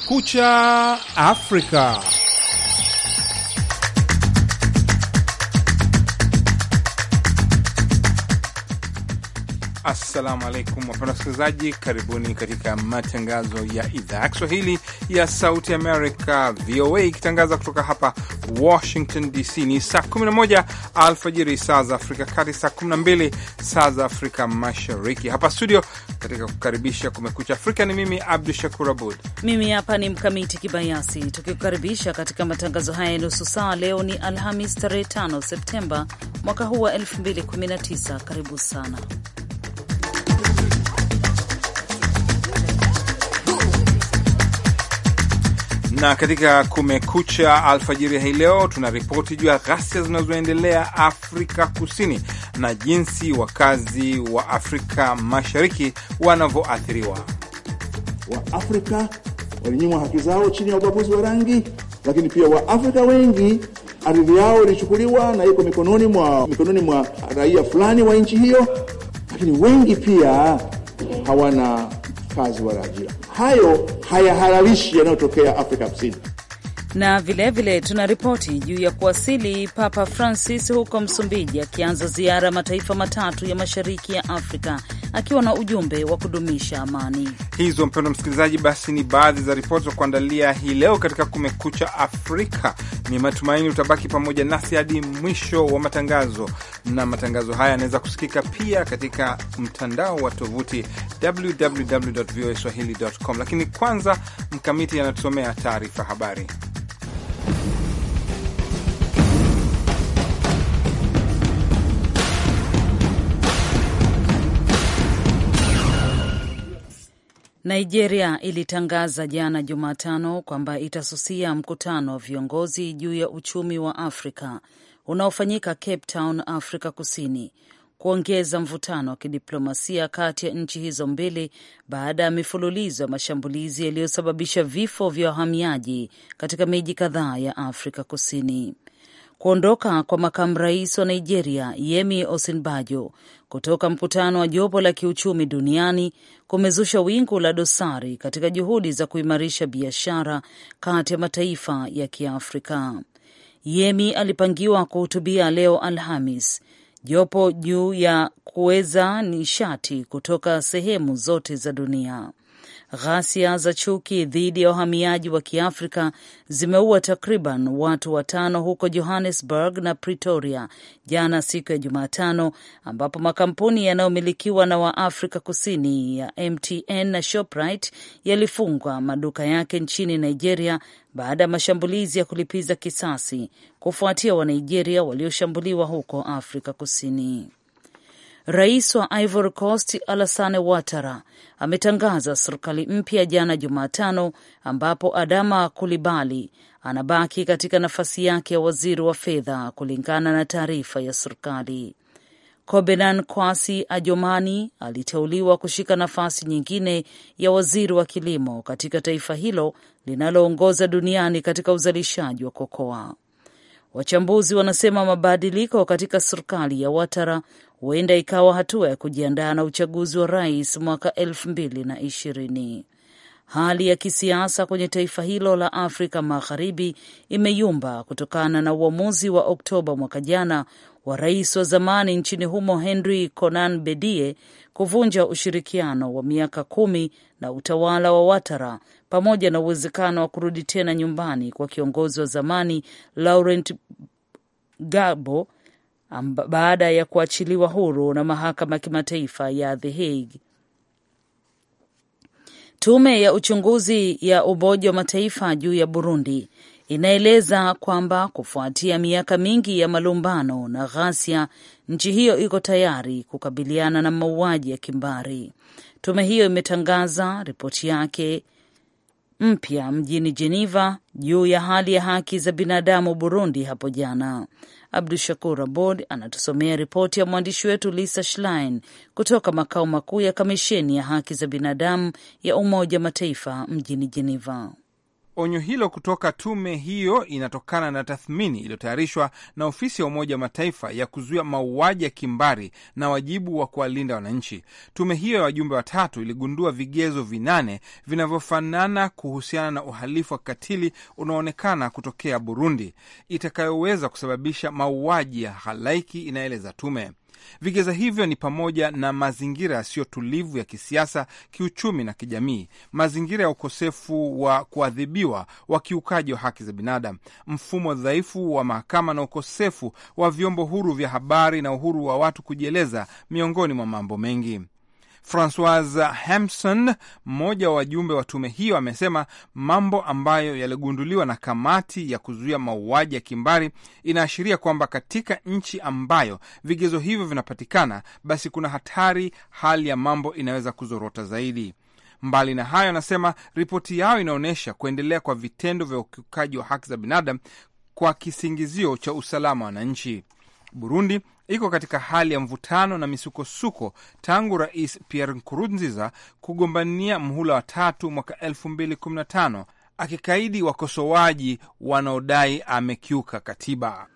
Kucha Afrika. Assalamu alaikum, wapenda wasikilizaji, karibuni katika matangazo ya idhaa ya Kiswahili ya Sauti Amerika VOA ikitangaza kutoka hapa Washington DC. Ni saa 11 alfajiri saa za Afrika Kati, saa 12 saa za Afrika Mashariki. Hapa studio katika kukaribisha Kumekucha Afrika ni mimi Abdu Shakur Abud, mimi hapa ni Mkamiti Kibayasi, tukikukaribisha katika matangazo haya ya nusu saa. Leo ni Alhamis tarehe 5 Septemba mwaka huu wa 2019. Karibu sana Na katika Kumekucha alfajiri hii leo tuna ripoti juu ya ghasia zinazoendelea Afrika Kusini na jinsi wakazi wa Afrika Mashariki wanavyoathiriwa. Waafrika walinyimwa haki zao chini ya ubaguzi wa rangi, lakini pia Waafrika wengi ardhi yao ilichukuliwa na iko mikononi mwa mikononi mwa raia fulani wa nchi hiyo, lakini wengi pia hawana kazi wala ajira. Hayo hayahalalishi yanayotokea Afrika Kusini. Na vilevile tuna ripoti juu ya kuwasili Papa Francis huko Msumbiji, akianza ziara ya mataifa matatu ya mashariki ya Afrika akiwa na ujumbe wa kudumisha amani. Hizo mpendo msikilizaji, basi ni baadhi za ripoti za kuandalia hii leo katika Kumekucha Afrika. Ni matumaini utabaki pamoja nasi hadi mwisho wa matangazo, na matangazo haya yanaweza kusikika pia katika mtandao wa tovuti www.voaswahili.com. Lakini kwanza Mkamiti anatusomea taarifa habari. Nigeria ilitangaza jana Jumatano kwamba itasusia mkutano wa viongozi juu ya uchumi wa Afrika unaofanyika Cape Town, Afrika Kusini, kuongeza mvutano wa kidiplomasia kati ya nchi hizo mbili baada ya mifululizo ya mashambulizi yaliyosababisha vifo vya wahamiaji katika miji kadhaa ya Afrika Kusini. Kuondoka kwa makamu rais wa Nigeria Yemi Osinbajo kutoka mkutano wa jopo la kiuchumi duniani kumezusha wingu la dosari katika juhudi za kuimarisha biashara kati ya mataifa ya Kiafrika. Yemi alipangiwa kuhutubia leo Alhamis jopo juu ya kuweza nishati kutoka sehemu zote za dunia. Ghasia za chuki dhidi ya wahamiaji wa Kiafrika zimeua takriban watu watano huko Johannesburg na Pretoria jana siku ya Jumatano, ambapo makampuni yanayomilikiwa na Waafrika Kusini ya MTN na Shoprite yalifungwa maduka yake nchini Nigeria baada ya mashambulizi ya kulipiza kisasi kufuatia Wanigeria walioshambuliwa huko Afrika Kusini. Rais wa Ivory Coast Alassane Ouattara ametangaza serikali mpya jana Jumatano, ambapo Adama Kulibali anabaki katika nafasi yake ya waziri wa fedha, kulingana na taarifa ya serikali. Kobenan Kwasi Ajomani aliteuliwa kushika nafasi nyingine ya waziri wa kilimo katika taifa hilo linaloongoza duniani katika uzalishaji wa kokoa. Wachambuzi wanasema mabadiliko katika serikali ya Watara huenda ikawa hatua ya kujiandaa na uchaguzi wa rais mwaka elfu mbili na ishirini. Hali ya kisiasa kwenye taifa hilo la Afrika Magharibi imeyumba kutokana na uamuzi wa Oktoba mwaka jana wa rais wa zamani nchini humo Henry Konan Bedie kuvunja ushirikiano wa miaka kumi na utawala wa Watara pamoja na uwezekano wa kurudi tena nyumbani kwa kiongozi wa zamani Laurent Gbagbo baada ya kuachiliwa huru na mahakama ya kimataifa ya The Hague. Tume ya uchunguzi ya Umoja wa Mataifa juu ya Burundi inaeleza kwamba kufuatia miaka mingi ya malumbano na ghasia, nchi hiyo iko tayari kukabiliana na mauaji ya kimbari. Tume hiyo imetangaza ripoti yake mpya mjini Geneva juu ya hali ya haki za binadamu Burundi hapo jana. Abdu Shakur Abod anatusomea ripoti ya mwandishi wetu Lisa Schlein kutoka makao makuu ya kamisheni ya haki za binadamu ya Umoja Mataifa mjini Jeneva. Onyo hilo kutoka tume hiyo inatokana na tathmini iliyotayarishwa na ofisi ya Umoja wa Mataifa ya kuzuia mauaji ya kimbari na wajibu wa kuwalinda wananchi. Tume hiyo ya wajumbe watatu iligundua vigezo vinane vinavyofanana kuhusiana na uhalifu wa kikatili unaoonekana kutokea Burundi, itakayoweza kusababisha mauaji ya halaiki, inaeleza tume. Vigezo hivyo ni pamoja na mazingira yasiyo tulivu ya kisiasa, kiuchumi na kijamii, mazingira ya ukosefu wa kuadhibiwa wa kiukaji wa haki za binadamu, mfumo dhaifu wa mahakama na ukosefu wa vyombo huru vya habari na uhuru wa watu kujieleza, miongoni mwa mambo mengi. Francois Hampson, mmoja wa wajumbe wa tume hiyo, amesema mambo ambayo yaligunduliwa na kamati ya kuzuia mauaji ya kimbari inaashiria kwamba katika nchi ambayo vigezo hivyo vinapatikana, basi kuna hatari hali ya mambo inaweza kuzorota zaidi. Mbali na hayo, anasema ripoti yao inaonyesha kuendelea kwa vitendo vya ukiukaji wa haki za binadamu kwa kisingizio cha usalama wa wananchi. Burundi iko katika hali ya mvutano na misukosuko tangu Rais Pierre Nkurunziza kugombania mhula wa tatu mwaka 2015 akikaidi wakosoaji wanaodai amekiuka katiba.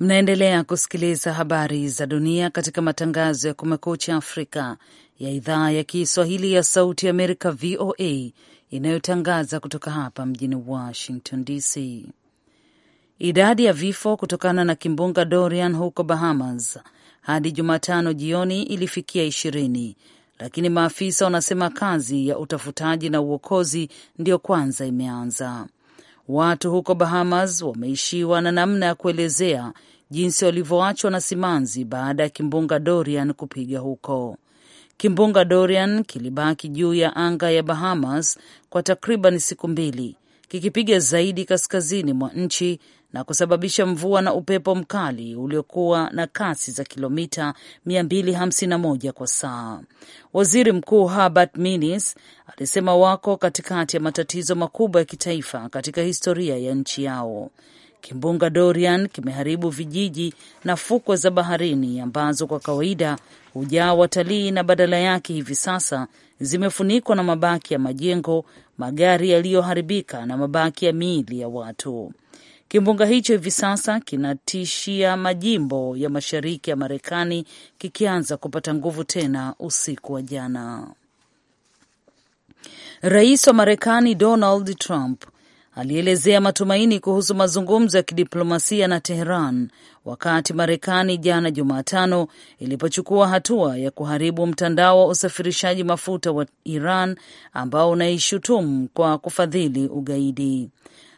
Mnaendelea kusikiliza habari za dunia katika matangazo ya Kumekucha Afrika ya idhaa ya Kiswahili ya Sauti Amerika, VOA, inayotangaza kutoka hapa mjini Washington DC. Idadi ya vifo kutokana na kimbunga Dorian huko Bahamas hadi Jumatano jioni ilifikia ishirini, lakini maafisa wanasema kazi ya utafutaji na uokozi ndiyo kwanza imeanza. Watu huko Bahamas wameishiwa na namna ya kuelezea jinsi walivyoachwa na simanzi baada ya kimbunga Dorian kupiga huko. Kimbunga Dorian kilibaki juu ya anga ya Bahamas kwa takriban siku mbili kikipiga zaidi kaskazini mwa nchi na kusababisha mvua na upepo mkali uliokuwa na kasi za kilomita 251 kwa saa. Waziri Mkuu Hubert Minnis alisema wako katikati ya matatizo makubwa ya kitaifa katika historia ya nchi yao. Kimbunga Dorian kimeharibu vijiji na fukwe za baharini ambazo kwa kawaida hujaa watalii na badala yake hivi sasa zimefunikwa na mabaki ya majengo, magari yaliyoharibika na mabaki ya miili ya watu. Kimbunga hicho hivi sasa kinatishia majimbo ya mashariki ya Marekani kikianza kupata nguvu tena usiku wa jana. Rais wa Marekani Donald Trump alielezea matumaini kuhusu mazungumzo ya kidiplomasia na Teheran wakati Marekani jana Jumatano ilipochukua hatua ya kuharibu mtandao wa usafirishaji mafuta wa Iran ambao unaishutumu kwa kufadhili ugaidi.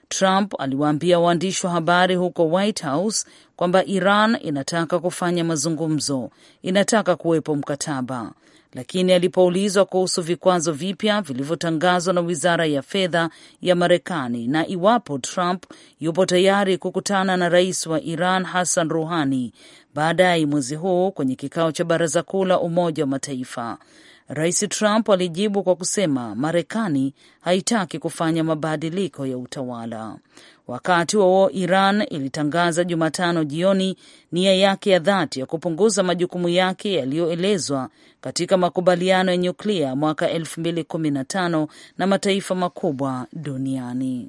Trump aliwaambia waandishi wa habari huko White House kwamba Iran inataka kufanya mazungumzo, inataka kuwepo mkataba. Lakini alipoulizwa kuhusu vikwazo vipya vilivyotangazwa na wizara ya fedha ya Marekani na iwapo Trump yupo tayari kukutana na rais wa Iran Hassan Rouhani baadaye mwezi huu kwenye kikao cha baraza kuu la Umoja wa Mataifa, Rais Trump alijibu kwa kusema Marekani haitaki kufanya mabadiliko ya utawala. Wakati huo Iran ilitangaza Jumatano jioni nia yake ya dhati ya kupunguza majukumu yake yaliyoelezwa katika makubaliano ya nyuklia mwaka 2015 na mataifa makubwa duniani.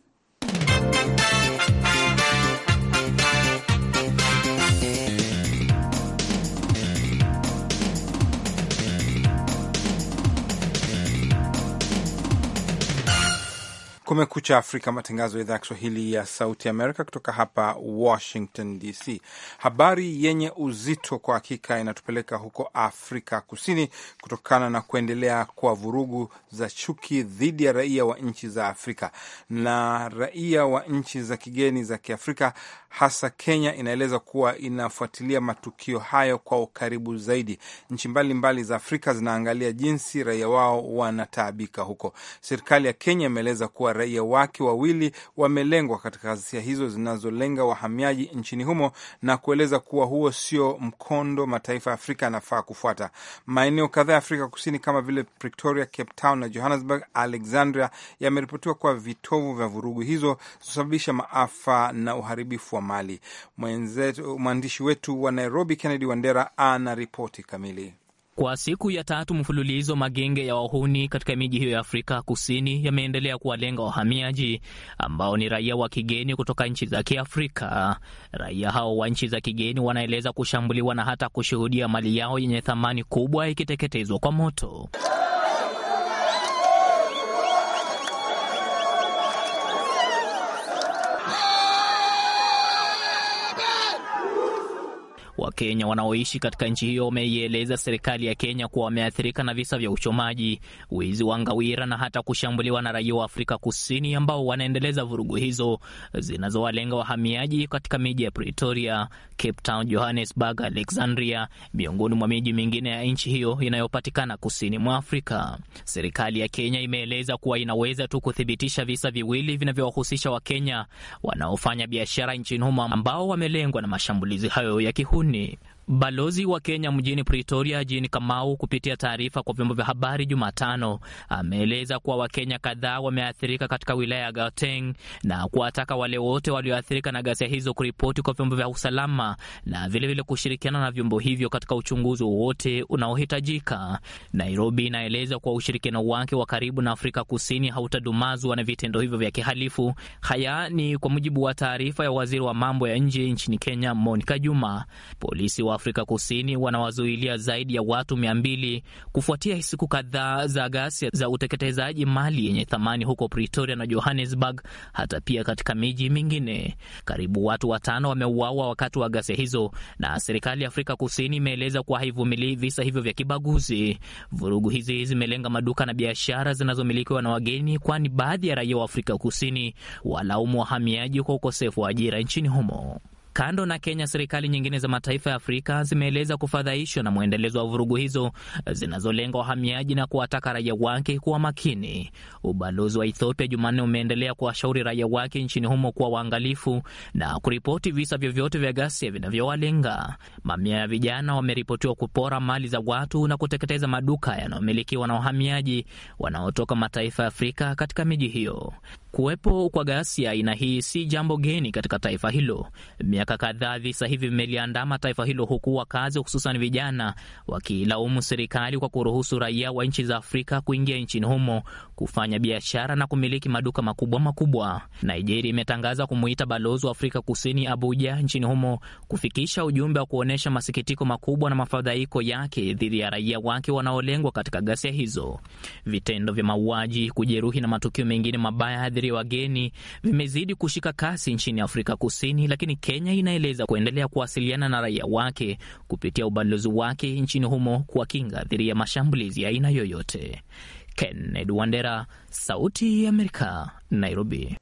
Kumekucha Afrika, matangazo ya idhaa ya Kiswahili ya Sauti Amerika kutoka hapa Washington DC. Habari yenye uzito kwa hakika inatupeleka huko Afrika Kusini kutokana na kuendelea kwa vurugu za chuki dhidi ya raia wa nchi za Afrika na raia wa nchi za kigeni za Kiafrika, hasa Kenya inaeleza kuwa inafuatilia matukio hayo kwa ukaribu zaidi. Nchi mbalimbali za Afrika zinaangalia jinsi raia wao wanataabika huko. Serikali ya Kenya imeeleza kuwa raia wake wawili wamelengwa katika ghasia hizo zinazolenga wahamiaji nchini humo na kueleza kuwa huo sio mkondo mataifa ya Afrika yanafaa kufuata. Maeneo kadhaa ya Afrika Kusini kama vile Pretoria, Cape Town na Johannesburg, Alexandria yameripotiwa kuwa vitovu vya vurugu hizo zilizosababisha maafa na uharibifu wa mali. Mwandishi wetu wa Nairobi, Kennedy Wandera, ana ripoti kamili. Kwa siku ya tatu mfululizo, magenge ya wahuni katika miji hiyo ya Afrika Kusini yameendelea kuwalenga wahamiaji ambao ni raia wa kigeni kutoka nchi za Kiafrika. Raia hao wa nchi za kigeni wanaeleza kushambuliwa na hata kushuhudia mali yao yenye thamani kubwa ikiteketezwa kwa moto. Wakenya wanaoishi katika nchi hiyo wameieleza serikali ya Kenya kuwa wameathirika na visa vya uchomaji, wizi wa ngawira na hata kushambuliwa na raia wa Afrika Kusini ambao wanaendeleza vurugu hizo zinazowalenga wahamiaji katika miji ya Pretoria, Cape Town, Johannesburg, Alexandria, miongoni mwa miji mingine ya nchi hiyo inayopatikana kusini mwa Afrika. Serikali ya Kenya imeeleza kuwa inaweza tu kuthibitisha visa viwili vinavyowahusisha Wakenya wanaofanya biashara nchini humo ambao wamelengwa na mashambulizi hayo ya kihuni. Rooney Balozi wa Kenya mjini Pretoria, jini Kamau, kupitia taarifa kwa vyombo vya habari Jumatano, ameeleza kuwa Wakenya kadhaa wameathirika katika wilaya ya Gauteng na kuwataka wale wote walioathirika na ghasia hizo kuripoti kwa vyombo vya usalama na vilevile vile kushirikiana na vyombo hivyo katika uchunguzi wowote unaohitajika. Nairobi inaeleza kuwa ushirikiano wake wa karibu na Afrika Kusini hautadumazwa na vitendo hivyo vya kihalifu. Haya ni kwa mujibu wa taarifa ya waziri wa mambo ya nje nchini Kenya, Monica Juma. Polisi wa Afrika Kusini wanawazuilia zaidi ya watu mia mbili kufuatia siku kadhaa za ghasia za uteketezaji mali yenye thamani huko Pretoria na Johannesburg, hata pia katika miji mingine. Karibu watu watano wameuawa wakati wa ghasia hizo, na serikali ya Afrika Kusini imeeleza kuwa haivumilii visa hivyo vya kibaguzi. Vurugu hizi zimelenga maduka na biashara zinazomilikiwa na wageni, kwani baadhi ya raia wa Afrika Kusini walaumu wahamiaji kwa ukosefu wa ajira nchini humo. Kando na Kenya, serikali nyingine za mataifa ya Afrika zimeeleza kufadhaishwa na mwendelezo wa vurugu hizo zinazolenga wahamiaji na kuwataka raia wake kuwa makini. Ubalozi wa Ethiopia Jumanne umeendelea kuwashauri raia wake nchini humo kuwa waangalifu na kuripoti visa vyovyote vya ghasia vinavyowalenga. Mamia ya vijana wameripotiwa kupora mali za watu na kuteketeza maduka yanayomilikiwa na wahamiaji wanaotoka mataifa ya Afrika katika miji hiyo. Kuwepo kwa ghasia aina hii si jambo geni katika taifa hilo. Miaka kadhaa visa hivi vimeliandama taifa hilo, huku wakazi hususan vijana wakilaumu serikali kwa kuruhusu raia wa nchi za Afrika kuingia nchini humo kufanya biashara na kumiliki maduka makubwa makubwa. Nigeria imetangaza kumuita balozi wa Afrika Kusini Abuja nchini humo kufikisha ujumbe wa kuonyesha masikitiko makubwa na mafadhaiko yake dhidi ya raia wake wanaolengwa katika ghasia hizo. Vitendo vya mauaji, kujeruhi na matukio mengine mabaya kuajiri wageni vimezidi kushika kasi nchini Afrika Kusini, lakini Kenya inaeleza kuendelea kuwasiliana na raia wake kupitia ubalozi wake nchini humo kuwakinga dhidi ya mashambulizi ya aina yoyote. Kennedy Wandera, Sauti ya Amerika, Nairobi.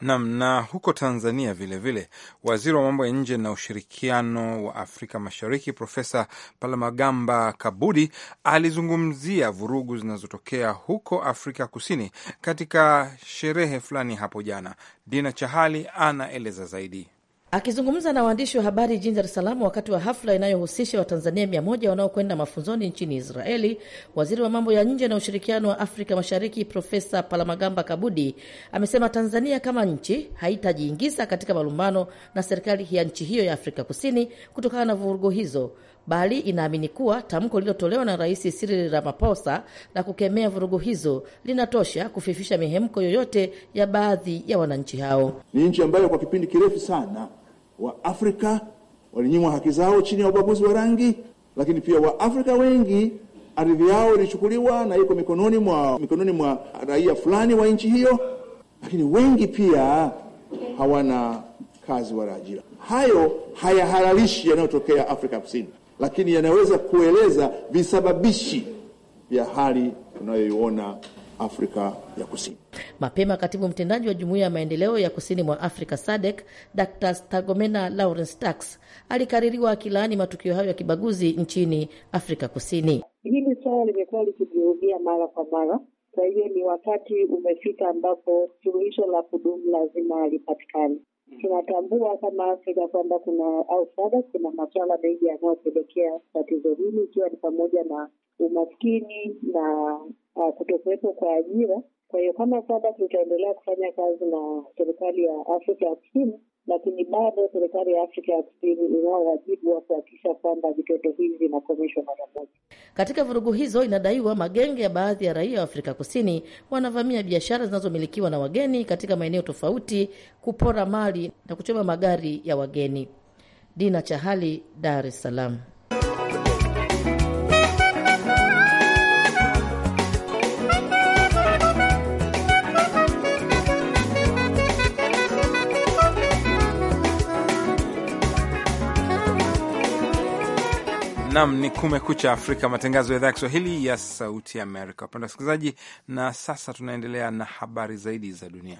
Nam na huko Tanzania vilevile vile, waziri wa mambo ya nje na ushirikiano wa Afrika Mashariki Profesa Palamagamba Kabudi alizungumzia vurugu zinazotokea huko Afrika Kusini katika sherehe fulani hapo jana. Dina Chahali anaeleza zaidi. Akizungumza na waandishi wa habari jijini Dar es Salaam wakati wa hafla inayohusisha Watanzania mia moja wanaokwenda mafunzoni nchini Israeli, waziri wa mambo ya nje na ushirikiano wa Afrika Mashariki Profesa Palamagamba Kabudi amesema Tanzania kama nchi haitajiingiza katika malumbano na serikali ya nchi hiyo ya Afrika Kusini kutokana na vurugu hizo, bali inaamini kuwa tamko lililotolewa na Rais Cyril Ramaphosa la kukemea vurugu hizo linatosha kufifisha mihemko yoyote ya baadhi ya wananchi hao. Ni nchi ambayo kwa kipindi kirefu sana wa Afrika walinyimwa haki zao chini ya ubaguzi wa rangi, lakini pia Waafrika wengi ardhi yao ilichukuliwa na iko mikononi mwa mikononi mwa raia fulani wa nchi hiyo, lakini wengi pia hawana kazi wala ajira. Hayo hayahalalishi yanayotokea Afrika Kusini, lakini yanaweza kueleza visababishi vya hali tunayoiona. Afrika ya Kusini. Mapema katibu mtendaji wa Jumuiya ya Maendeleo ya Kusini mwa Afrika SADC Dr Stagomena Lawrence Tax alikaririwa akilaani matukio hayo ya kibaguzi nchini Afrika Kusini. Hili swala limekuwa likijirudia mara kwa mara. Kwa hiyo ni wakati umefika ambapo suluhisho la kudumu lazima alipatikane. Hmm. Tunatambua kama Afrika kwamba kuna au SADC kuna maswala mengi yanayopelekea tatizo hili, ikiwa ni pamoja na umaskini na uh, kutokuwepo kwa ajira. Kwa hiyo kama SADC tutaendelea kufanya kazi na serikali ya Afrika ya Kusini, lakini bado serikali ya Afrika ya Kusini inao wajibu wa kuhakikisha kwamba vitoto hivi vinakomeshwa mara moja. Katika vurugu hizo, inadaiwa magenge ya baadhi ya raia wa Afrika Kusini wanavamia biashara zinazomilikiwa na wageni katika maeneo tofauti, kupora mali na kuchoma magari ya wageni. Dina Chahali, Dar es Salaam. Nam ni Kumekucha Afrika, matangazo ya idhaa ya Kiswahili ya Sauti ya Amerika. Wapenda wasikilizaji, na sasa tunaendelea na habari zaidi za dunia.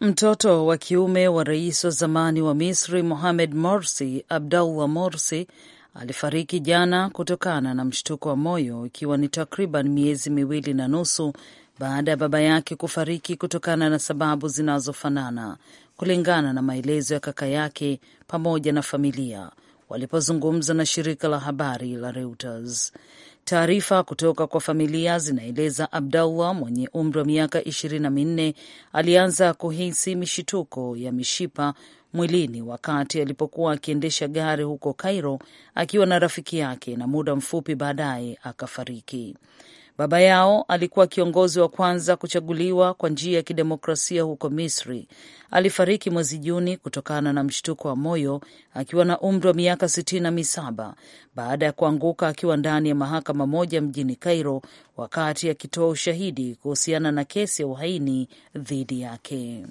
Mtoto wa kiume wa rais wa zamani wa Misri Mohamed Morsi, Abdallah Morsi, alifariki jana kutokana na mshtuko wa moyo, ikiwa ni takriban miezi miwili na nusu baada ya baba yake kufariki kutokana na sababu zinazofanana kulingana na maelezo ya kaka yake pamoja na familia walipozungumza na shirika la habari la Reuters. Taarifa kutoka kwa familia zinaeleza Abdallah mwenye umri wa miaka ishirini na minne alianza kuhisi mishituko ya mishipa mwilini wakati alipokuwa akiendesha gari huko Cairo akiwa na rafiki yake, na muda mfupi baadaye akafariki. Baba yao alikuwa kiongozi wa kwanza kuchaguliwa kwa njia ya kidemokrasia huko Misri. Alifariki mwezi Juni kutokana na mshtuko wa moyo akiwa na umri wa miaka sitini na misaba baada ya kuanguka akiwa ndani ya mahakama moja mjini Cairo wakati akitoa ushahidi kuhusiana na kesi ya uhaini dhidi yake.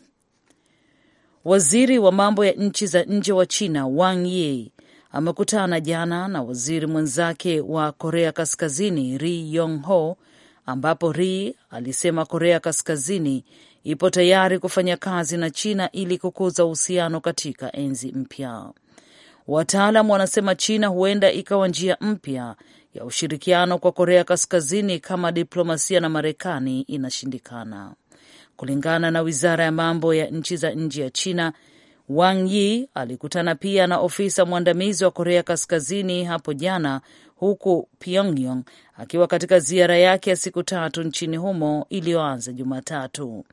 Waziri wa mambo ya nchi za nje wa China Wang Yi amekutana jana na waziri mwenzake wa Korea Kaskazini Ri Yong Ho, ambapo Ri alisema Korea Kaskazini ipo tayari kufanya kazi na China ili kukuza uhusiano katika enzi mpya. Wataalam wanasema China huenda ikawa njia mpya ya ushirikiano kwa Korea Kaskazini kama diplomasia na Marekani inashindikana. Kulingana na wizara ya mambo ya nchi za nje ya China, Wang Yi alikutana pia na ofisa mwandamizi wa Korea Kaskazini hapo jana huku Pyongyang akiwa katika ziara yake ya siku tatu nchini humo iliyoanza Jumatatu.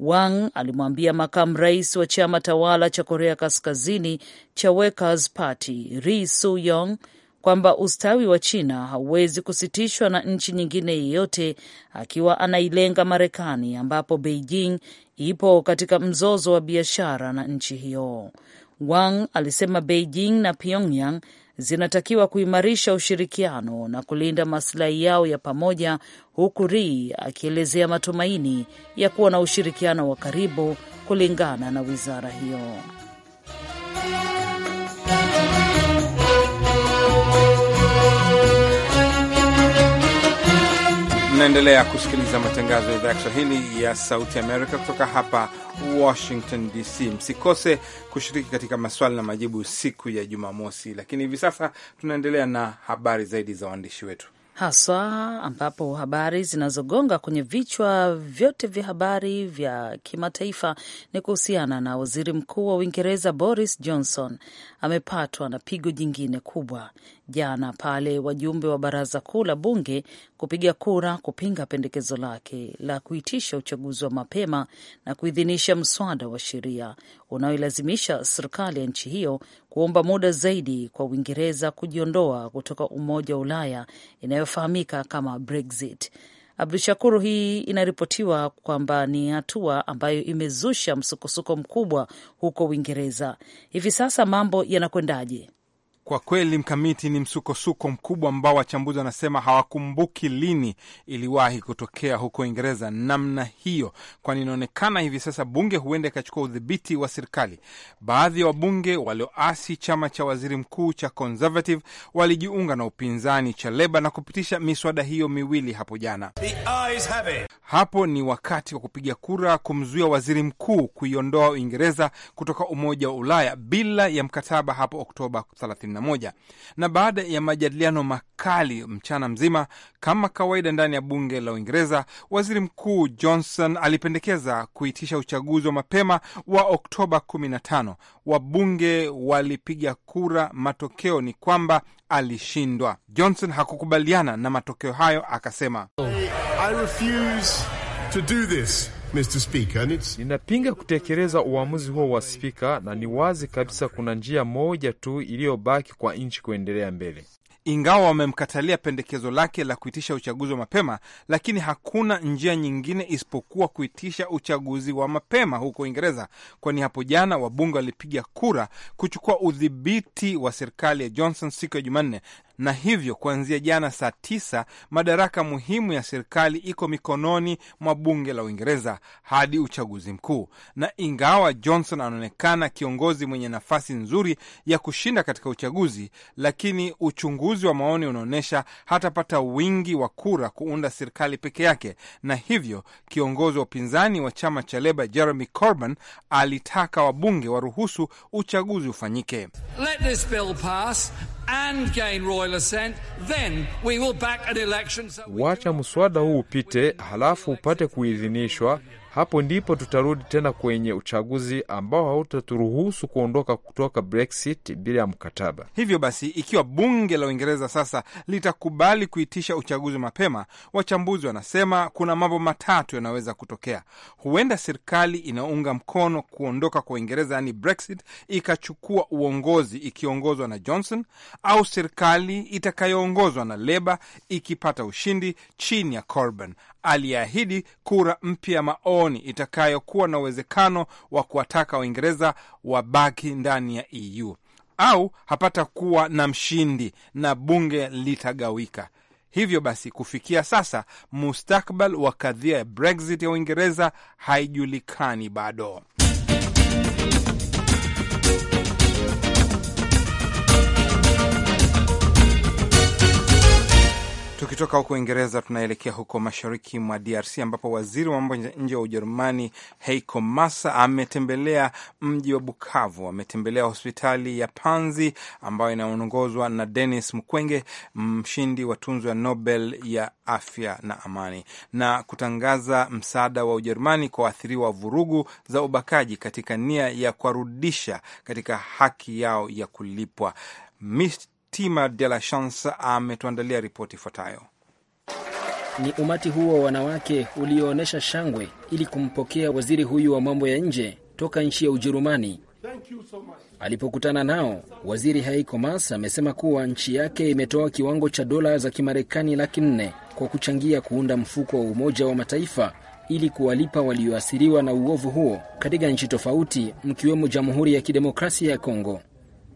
Wang alimwambia makamu rais wa chama tawala cha Korea Kaskazini cha Workers Party Ri Su-yong kwamba ustawi wa China hauwezi kusitishwa na nchi nyingine yeyote, akiwa anailenga Marekani ambapo Beijing ipo katika mzozo wa biashara na nchi hiyo. Wang alisema Beijing na Pyongyang zinatakiwa kuimarisha ushirikiano na kulinda masilahi yao ya pamoja, huku Ri akielezea matumaini ya kuwa na ushirikiano wa karibu kulingana na wizara hiyo. Mnaendelea kusikiliza matangazo ya idhaa ya Kiswahili ya Sauti Amerika kutoka hapa Washington DC. Msikose kushiriki katika maswali na majibu siku ya Jumamosi, lakini hivi sasa tunaendelea na habari zaidi za waandishi wetu haswa ambapo habari zinazogonga kwenye vichwa vyote vya habari vya kimataifa ni kuhusiana na waziri mkuu wa Uingereza Boris Johnson amepatwa na pigo jingine kubwa jana pale wajumbe wa baraza kuu la bunge kupiga kura kupinga pendekezo lake la kuitisha uchaguzi wa mapema na kuidhinisha mswada wa sheria unaoilazimisha serikali ya nchi hiyo kuomba muda zaidi kwa Uingereza kujiondoa kutoka Umoja wa Ulaya inayofahamika kama Brexit. Abdu Shakuru, hii inaripotiwa kwamba ni hatua ambayo imezusha msukosuko mkubwa huko Uingereza. Hivi sasa mambo yanakwendaje? Kwa kweli mkamiti ni msukosuko mkubwa ambao wachambuzi wanasema hawakumbuki lini iliwahi kutokea huko Uingereza namna hiyo, kwani inaonekana hivi sasa bunge huenda ikachukua udhibiti wa serikali. Baadhi ya wa wabunge walioasi chama cha waziri mkuu cha Conservative walijiunga na upinzani cha Leba na kupitisha miswada hiyo miwili hapo jana. Hapo ni wakati wa kupiga kura kumzuia waziri mkuu kuiondoa Uingereza kutoka Umoja wa Ulaya bila ya mkataba hapo Oktoba 30. 31 na baada ya majadiliano makali mchana mzima, kama kawaida ndani ya bunge la Uingereza, waziri mkuu Johnson alipendekeza kuitisha uchaguzi wa mapema wa Oktoba 15. Wabunge walipiga kura, matokeo ni kwamba alishindwa. Johnson hakukubaliana na matokeo hayo, akasema I refuse to do this. Mr. Speaker, and it's... Ninapinga kutekeleza uamuzi huo wa spika, na ni wazi kabisa kuna njia moja tu iliyobaki kwa nchi kuendelea mbele. Ingawa wamemkatalia pendekezo lake la kuitisha uchaguzi wa mapema, lakini hakuna njia nyingine isipokuwa kuitisha uchaguzi wa mapema huko Uingereza, kwani hapo jana wabunge walipiga kura kuchukua udhibiti wa serikali ya Johnson siku ya Jumanne na hivyo kuanzia jana saa tisa madaraka muhimu ya serikali iko mikononi mwa bunge la Uingereza hadi uchaguzi mkuu. Na ingawa Johnson anaonekana kiongozi mwenye nafasi nzuri ya kushinda katika uchaguzi, lakini uchunguzi wa maoni unaonyesha hatapata wingi wa kura kuunda serikali peke yake, na hivyo kiongozi wa upinzani wa chama cha Leba Jeremy Corbyn alitaka wabunge waruhusu uchaguzi ufanyike. Let this bill pass Wacha mswada huu upite, halafu upate kuidhinishwa hapo ndipo tutarudi tena kwenye uchaguzi ambao hautaturuhusu kuondoka kutoka Brexit bila ya mkataba. Hivyo basi, ikiwa bunge la Uingereza sasa litakubali kuitisha uchaguzi mapema, wachambuzi wanasema kuna mambo matatu yanaweza kutokea. Huenda serikali inaunga mkono kuondoka kwa Uingereza, yaani Brexit, ikachukua uongozi ikiongozwa na Johnson, au serikali itakayoongozwa na Leba ikipata ushindi chini ya Corbyn aliahidi kura mpya maoni itakayokuwa na uwezekano wa kuwataka Waingereza wabaki ndani ya EU au hapata kuwa na mshindi na bunge litagawika. Hivyo basi, kufikia sasa mustakbal wa kadhia ya Brexit ya Uingereza haijulikani bado. Tukitoka huko Uingereza tunaelekea huko mashariki mwa DRC ambapo waziri wa mambo nje wa Ujerumani Heiko Maas ametembelea mji wa Bukavu. Ametembelea hospitali ya Panzi ambayo inaongozwa na Denis Mukwege, mshindi wa tunzo ya Nobel ya afya na amani, na kutangaza msaada wa Ujerumani kwa waathiriwa wa vurugu za ubakaji katika nia ya kuwarudisha katika haki yao ya kulipwa. Tima de la Chance ametuandalia ripoti ifuatayo. Ni umati huo wa wanawake ulioonyesha shangwe ili kumpokea waziri huyu wa mambo ya nje toka nchi ya Ujerumani. alipokutana nao waziri Heiko Maas amesema kuwa nchi yake imetoa kiwango cha dola za Kimarekani laki nne kwa kuchangia kuunda mfuko wa Umoja wa Mataifa ili kuwalipa walioathiriwa na uovu huo katika nchi tofauti mkiwemo Jamhuri ya Kidemokrasia ya Kongo.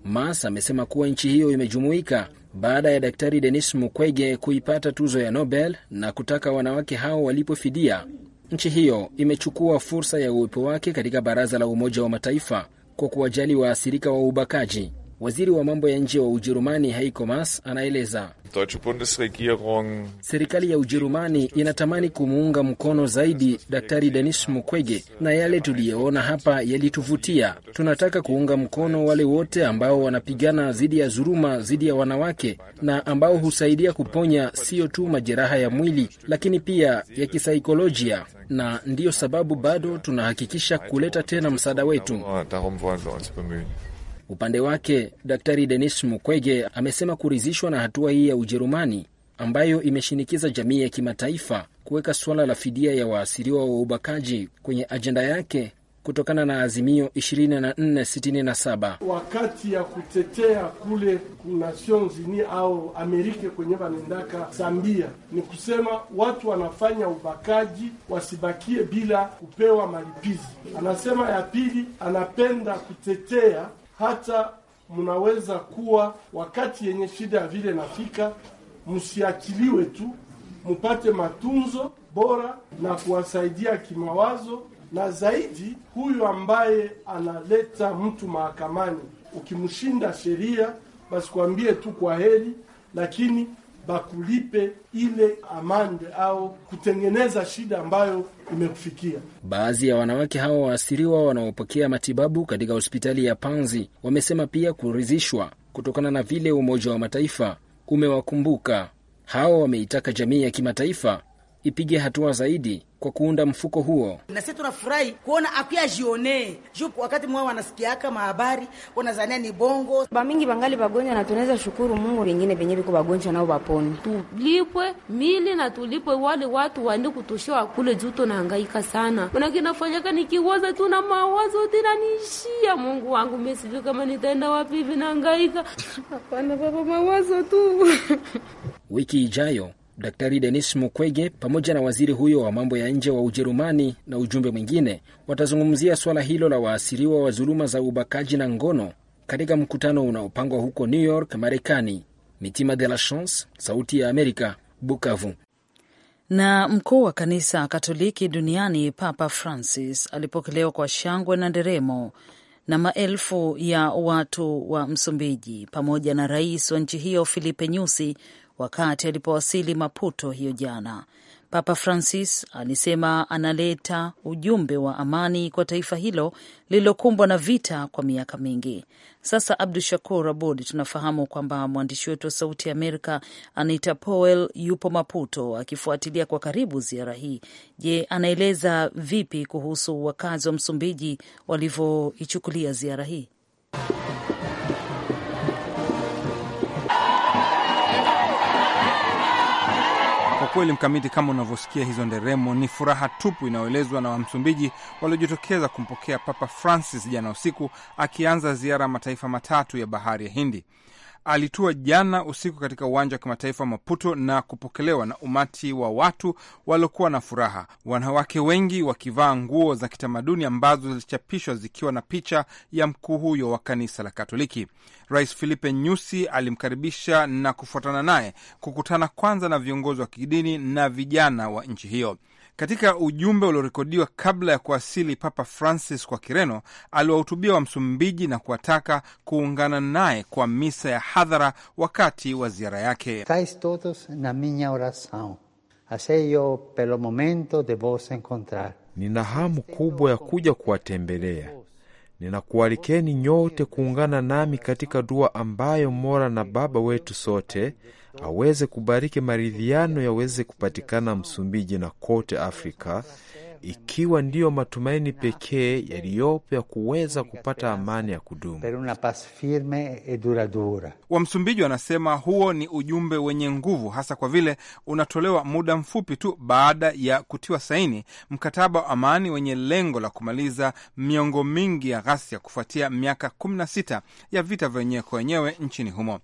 Mas amesema kuwa nchi hiyo imejumuika baada ya Daktari Denis Mukwege kuipata tuzo ya Nobel na kutaka wanawake hao walipwe fidia. Nchi hiyo imechukua fursa ya uwepo wake katika Baraza la Umoja wa Mataifa kwa kuwajali waathirika wa ubakaji. Waziri wa mambo ya nje wa Ujerumani Heiko Maas anaeleza serikali ya Ujerumani inatamani kumuunga mkono zaidi Daktari Denis Mukwege, na yale tuliyoona hapa yalituvutia. Tunataka kuunga mkono wale wote ambao wanapigana dhidi ya dhuluma dhidi ya wanawake na ambao husaidia kuponya sio tu majeraha ya mwili, lakini pia ya kisaikolojia, na ndiyo sababu bado tunahakikisha kuleta tena msaada wetu. Upande wake Daktari Denis Mukwege amesema kuridhishwa na hatua hii ya Ujerumani ambayo imeshinikiza jamii ya kimataifa kuweka suala la fidia ya waasiriwa wa ubakaji kwenye ajenda yake kutokana na azimio 2467 wakati ya kutetea kule ku Nations Unies au Amerike kwenye vanendaka Zambia, ni kusema watu wanafanya ubakaji wasibakie bila kupewa malipizi. Anasema ya pili, anapenda kutetea hata mnaweza kuwa wakati yenye shida vile nafika, msiachiliwe tu, mupate matunzo bora na kuwasaidia kimawazo, na zaidi huyu ambaye analeta mtu mahakamani, ukimshinda sheria basi kuambie tu kwa heri, lakini bakulipe ile amande au kutengeneza shida ambayo imekufikia. Baadhi ya wanawake hawa waasiriwa wanaopokea matibabu katika hospitali ya Panzi wamesema pia kuridhishwa kutokana na vile Umoja wa Mataifa umewakumbuka. Hawa wameitaka jamii ya kimataifa ipige hatua zaidi kwa kuunda mfuko huo. Na sisi tunafurahi kuona akuya jione juu, wakati mwao wanasikiaka mahabari wanazania ni bongo bamingi bangali bagonjwa, na tunaweza shukuru Mungu vingine venye viko bagonjwa nao bapone, tulipwe mili na tulipwe wale watu waende kutoshewa kule juu, tunahangaika sana manake nafanyaka nikiwaza tu na mawazo tinanishia Mungu wangu, mi sijui kama nitaenda wapi hivi, hapana baba, mawazo tu wiki ijayo Daktari Denis Mukwege pamoja na waziri huyo wa mambo ya nje wa Ujerumani na ujumbe mwingine watazungumzia suala hilo la waasiriwa wa dhuluma za ubakaji na ngono katika mkutano unaopangwa huko New York, Marekani. Mitima de la Chance, Sauti ya Amerika, Bukavu. Na mkuu wa kanisa Katoliki duniani Papa Francis alipokelewa kwa shangwe na nderemo na maelfu ya watu wa Msumbiji pamoja na rais wa nchi hiyo Filipe Nyusi wakati alipowasili Maputo hiyo jana. Papa Francis alisema analeta ujumbe wa amani kwa taifa hilo lililokumbwa na vita kwa miaka mingi. Sasa Abdu Shakur Abud, tunafahamu kwamba mwandishi wetu wa Sauti ya Amerika Anita Powell yupo Maputo akifuatilia kwa karibu ziara hii. Je, anaeleza vipi kuhusu wakazi wa Msumbiji walivyoichukulia ziara hii? kweli mkamiti, kama unavyosikia hizo nderemo, ni furaha tupu inayoelezwa na Wamsumbiji waliojitokeza kumpokea Papa Francis jana usiku, akianza ziara ya mataifa matatu ya bahari ya Hindi alitua jana usiku katika uwanja wa kimataifa wa Maputo na kupokelewa na umati wa watu waliokuwa na furaha, wanawake wengi wakivaa nguo za kitamaduni ambazo zilichapishwa zikiwa na picha ya mkuu huyo wa kanisa la Katoliki. Rais Filipe Nyusi alimkaribisha na kufuatana naye kukutana kwanza na viongozi wa kidini na vijana wa nchi hiyo. Katika ujumbe uliorekodiwa kabla ya kuwasili Papa Francis kwa Kireno, aliwahutubia wa Msumbiji na kuwataka kuungana naye kwa misa ya hadhara wakati wa ziara yake. Estais todos na minha oração aseyo pelo momento de vos encontrar. Nina hamu kubwa ya kuja kuwatembelea. Ninakualikeni nyote kuungana nami katika dua ambayo Mola na Baba wetu sote aweze kubariki maridhiano yaweze kupatikana Msumbiji na kote Afrika, ikiwa ndiyo matumaini pekee yaliyopo ya kuweza kupata amani ya kudumu. E Wamsumbiji wanasema huo ni ujumbe wenye nguvu, hasa kwa vile unatolewa muda mfupi tu baada ya kutiwa saini mkataba wa amani wenye lengo la kumaliza miongo mingi ya ghasia kufuatia miaka 16 ya vita vya wenyewe kwa wenyewe nchini humo.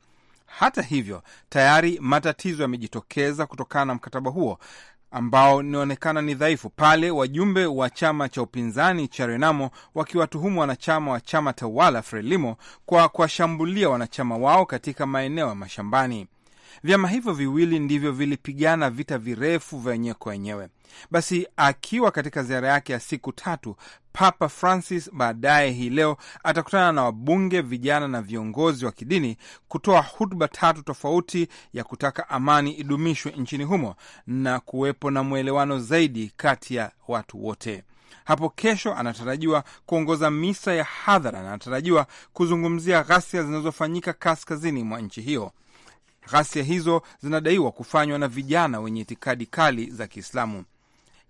Hata hivyo, tayari matatizo yamejitokeza kutokana na mkataba huo ambao inaonekana ni dhaifu, pale wajumbe wa chama cha upinzani cha Renamo wakiwatuhumu wanachama wa chama tawala Frelimo kwa kuwashambulia wanachama wao katika maeneo ya mashambani. Vyama hivyo viwili ndivyo vilipigana vita virefu vya wenyewe kwa wenyewe. Basi akiwa katika ziara yake ya siku tatu, Papa Francis baadaye hii leo atakutana na wabunge, vijana na viongozi wa kidini kutoa hutuba tatu tofauti ya kutaka amani idumishwe nchini humo na kuwepo na mwelewano zaidi kati ya watu wote. Hapo kesho anatarajiwa kuongoza misa ya hadhara na anatarajiwa kuzungumzia ghasia zinazofanyika kaskazini mwa nchi hiyo. Ghasia hizo zinadaiwa kufanywa na vijana wenye itikadi kali za Kiislamu.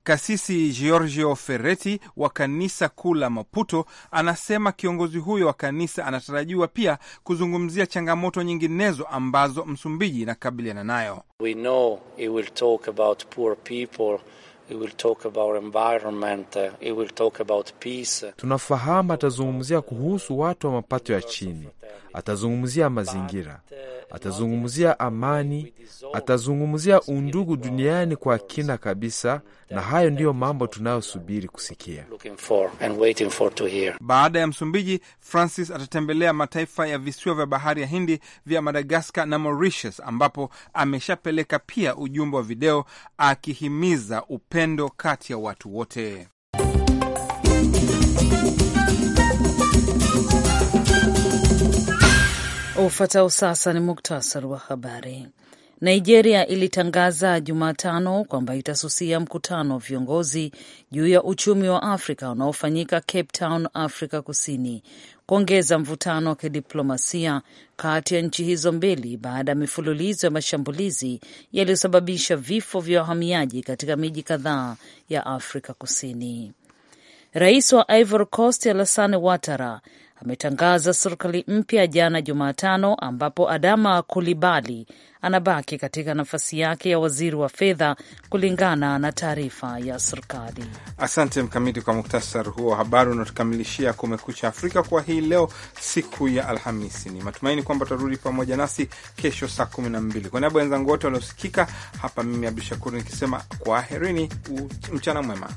Kasisi Giorgio Ferretti wa kanisa kuu la Maputo anasema kiongozi huyo wa kanisa anatarajiwa pia kuzungumzia changamoto nyinginezo ambazo Msumbiji inakabiliana nayo. We know he will talk about poor people. He will talk about environment. He will talk about peace. Tunafahamu atazungumzia kuhusu watu wa mapato ya chini, atazungumzia mazingira atazungumzia amani, atazungumzia undugu duniani kwa kina kabisa, na hayo ndiyo mambo tunayosubiri kusikia. Baada ya Msumbiji, Francis atatembelea mataifa ya visiwa vya bahari ya Hindi vya Madagaskar na Mauritius, ambapo ameshapeleka pia ujumbe wa video akihimiza upendo kati ya watu wote. Ufuatao sasa ni muktasari wa habari. Nigeria ilitangaza Jumatano kwamba itasusia mkutano wa viongozi juu ya uchumi wa Afrika unaofanyika Cape Town, Afrika Kusini, kuongeza mvutano wa kidiplomasia kati ya nchi hizo mbili baada ya mifululizo ya mashambulizi yaliyosababisha vifo vya wahamiaji katika miji kadhaa ya Afrika Kusini. Rais wa Ivory Coast Alassane Ouattara ametangaza serikali mpya jana Jumatano, ambapo Adama Kulibali anabaki katika nafasi yake ya waziri wa fedha, kulingana na taarifa ya serikali. Asante Mkamiti kwa muktasar huo wa habari unaotukamilishia Kumekucha Afrika kwa hii leo, siku ya Alhamisi. Ni matumaini kwamba utarudi pamoja nasi kesho saa kumi na mbili. Kwa niaba wenzangu wote waliosikika hapa, mimi Abdu Shakur nikisema kwaherini, mchana mwema.